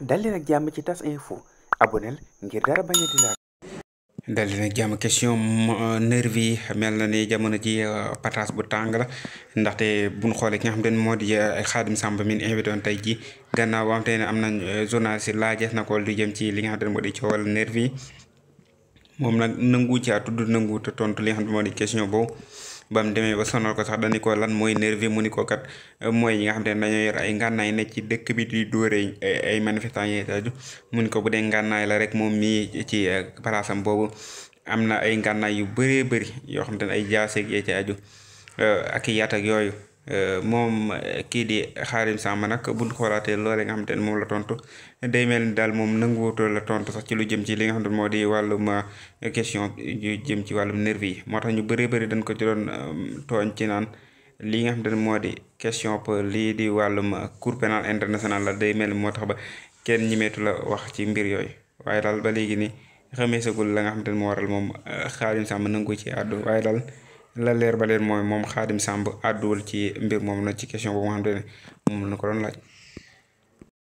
dalli nag jàmm ci tas info abonel ngir dara bañ a di laal dal dina jàmm question euh, nervi mel na ni jamono ji euh, patas bu tàng la ndaxte buñ xoolee ki nga xam te ne moo di Xaadim euh, Sàmb min invité woon tey ji gannaaw boo xam ne am nañ journaliste laajees na ko di jëm ci li nga xam te ne moo di coowal nervi moom nag nangu ci a tudd nangu tontu li nga xam te moo di question boobu ba mu demee ba sonal ko sax dañu ko lan mooy nervi mu ni ko kat euh, mooy ñi nga xam te ne dañoo yor ay ngànnaay ne ci dëkk bi di dóoree ay manifestants yi aju mu ni ko bu dee ngànnaay la rek moom mii ci euh, palaasam boobu am na ay ngànnaay yu bëree bëri yoo xam te ne ay jaaseeg yee ci aju euh, ak i yaat ak yooyu. Euh, moom euh, kii di xaarim sàmm nag buñ xoolaatee loolee nga xam ne moom la tontu day mel ni daal moom nanguwutul la tontu sax ci lu jëm ci li nga xam ne moo di wàllum euh, question yu jëm ci wàllum nervi yi moo tax ñu bëree bëri dañ ko ci doon tooñ ci naan lii nga xam ne moo di question pour lii di wàllum cour pénal international la day mel ni moo tax ba kenn ñimeetu la wax ci mbir yooyu waaye daal ba léegi ni xamee sagul la nga xam ne moo waral moom xaarim sàmm nangu ci àddu waaye daal la leer ba leen mooy moom Xaadim Samb àdduwal ci mbir moom na ci question boobu nga xam ne ko doon laaj.